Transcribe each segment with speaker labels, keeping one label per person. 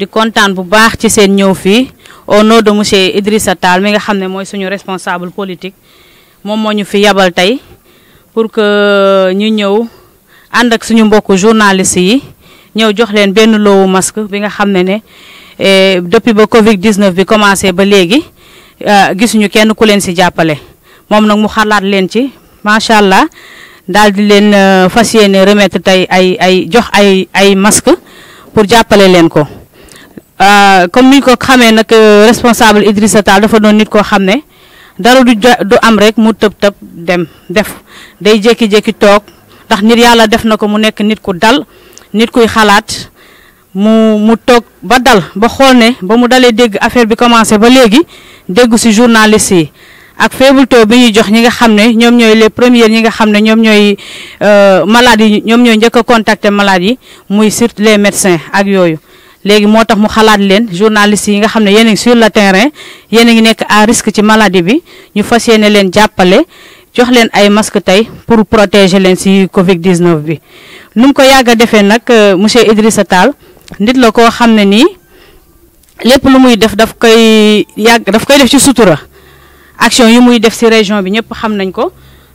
Speaker 1: di kontaan bu baax ci seen ñëw fii au nom de monsieur Idrissa Tall mi nga xam ne mooy suñu responsable politique moom moo ñu fi yabal tey pour que euh, ñu ñëw ànd ak suñu mbokk journaliste yi ñëw jox leen benn loowu masque bi nga xam ne ne eh, depuis ba Covid 19 bi commencer ba léegi euh, gisuñu kenn ku leen si jàppale moom nag mu xalaat leen ci macha allah daal di leen euh, fas yéene remettre tey ay ay jox ay ay masque pour jàppale leen ko. Euh, comme niñ ko xamee nag euh, responsable Idrissa Tall dafa doon nit koo xam ne dara du ja du am rek mu tëb tëb dem def day jékki-jékki toog ndax nit yàlla def na ko mu nekk nit ku dal nit kuy xalaat mu mu toog ba dal ba xool ne ba mu dalee dégg affaire bi commencé ba léegi déggu ci journaliste yi ak faiblesse bi ñuy jox ñi nga xam ne ñoom ñooy les premiers ñi nga xam ne ñoom ñooy euh, malades yi ñoom ñooy njëkk a contacter malades yi muy surtout les ak yooyu. léegi moo tax mu xalaat leen journalistes yi nga xam ne yéen a ngi sur le terrain yéen a ngi nekk à risque ci maladie bi ñu fas yéene leen jàppale jox leen ay masque tey pour protéger leen si Covid 19 bi. nu mu ko yàgg a defee nag euh, monsieur Idrissa taal nit la ko xam ne nii lépp lu muy def daf koy yàgg daf koy def ci sutura action yi muy def si région bi ñëpp xam nañ ko.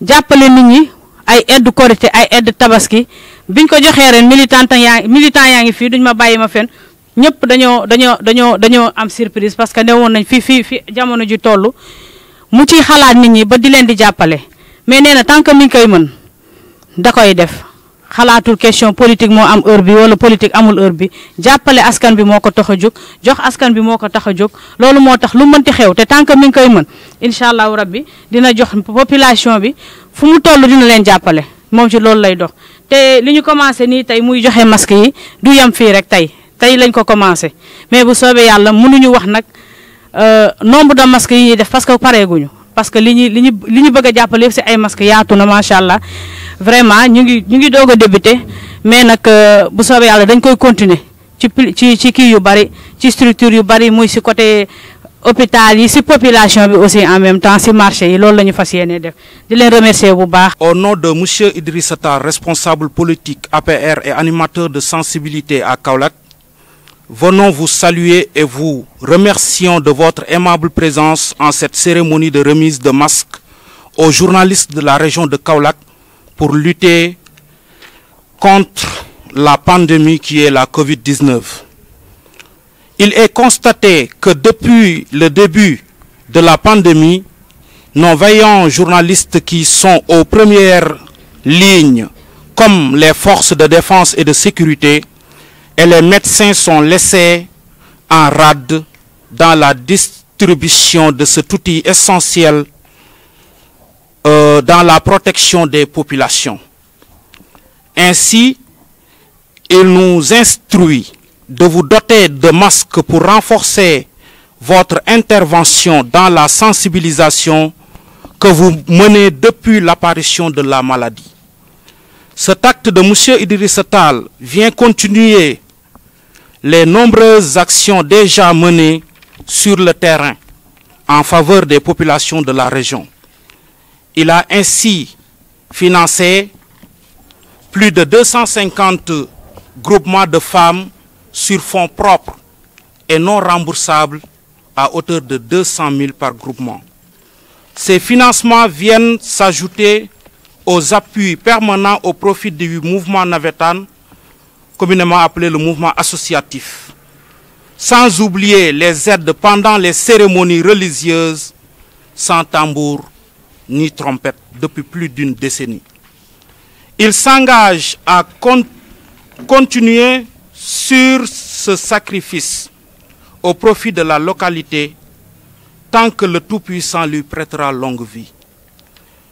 Speaker 1: jàppale nit ñi ay aide korité ay aide tabaski biñ ko joxee ren militant yaa militant yaa ngi fii duñ ma bàyyi ma fen ñëpp dañoo dañoo dañoo dañoo am surprise parce que ne woon nañ fii fii fii jamono ji toll mu ciy xalaat nit ñi ba di leen di jàppale mais nee na tant que mi ngi koy mën da koy def xalaatul question politique moo am heure bi wala politique amul heure bi jàppale askan bi moo ko tax a jóg jox askan bi moo ko tax a jóg loolu moo tax lu mënti xew te tant que mi ngi koy mën incha allahu rabbi dina jox population bi fu mu toll dina leen jàppale moom ci loolu lay dox. te li ñu commencé nii tey muy joxe masque yi du yem fii rek tey tey lañ ko commencé mais bu soobee yàlla mënuñu wax nag euh, nombre de masques yi def parce que pareeguñu. parce que li ñu li ñu li ñu bëgg a un ay masque yaatu na vraiment nous ngi ñu ngi mais nak euh, bu yalla dañ koy continuer ci ci ci yu bari ci structure yu bari muy ci côté hôpital yi ci population bi aussi en même temps ci marché yi loolu lañu ñu def di leen remercier bu baax.
Speaker 2: Au nom de monsieur Idrissata, responsable politique APR et animateur de sensibilité à Kaolack venons vous saluer et vous remercions de votre aimable présence en cette cérémonie de remise de masques aux journalistes de la région de Kaulak pour lutter contre la pandémie qui est la COVID-19. Il est constaté que depuis le début de la pandémie, nos veillants journalistes qui sont aux premières lignes, comme les forces de défense et de sécurité, et les médecins sont laissés en rade dans la distribution de cet outil essentiel euh, dans la protection des populations. Ainsi, il nous instruit de vous doter de masques pour renforcer votre intervention dans la sensibilisation que vous menez depuis l'apparition de la maladie. Cet acte de M. Idriss Tal vient continuer les nombreuses actions déjà menées sur le terrain en faveur des populations de la région. Il a ainsi financé plus de 250 groupements de femmes sur fonds propres et non remboursables à hauteur de 200 000 par groupement. Ces financements viennent s'ajouter aux appuis permanents au profit du mouvement Navetan communément appelé le mouvement associatif, sans oublier les aides pendant les cérémonies religieuses, sans tambour ni trompette depuis plus d'une décennie. Il s'engage à continuer sur ce sacrifice au profit de la localité tant que le Tout-Puissant lui prêtera longue vie.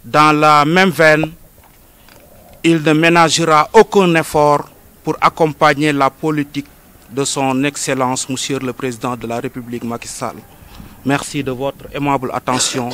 Speaker 2: Dans la même veine, il ne ménagera aucun effort pour accompagner la politique de son Excellence, Monsieur le Président de la République Macky Sall. Merci de votre aimable attention.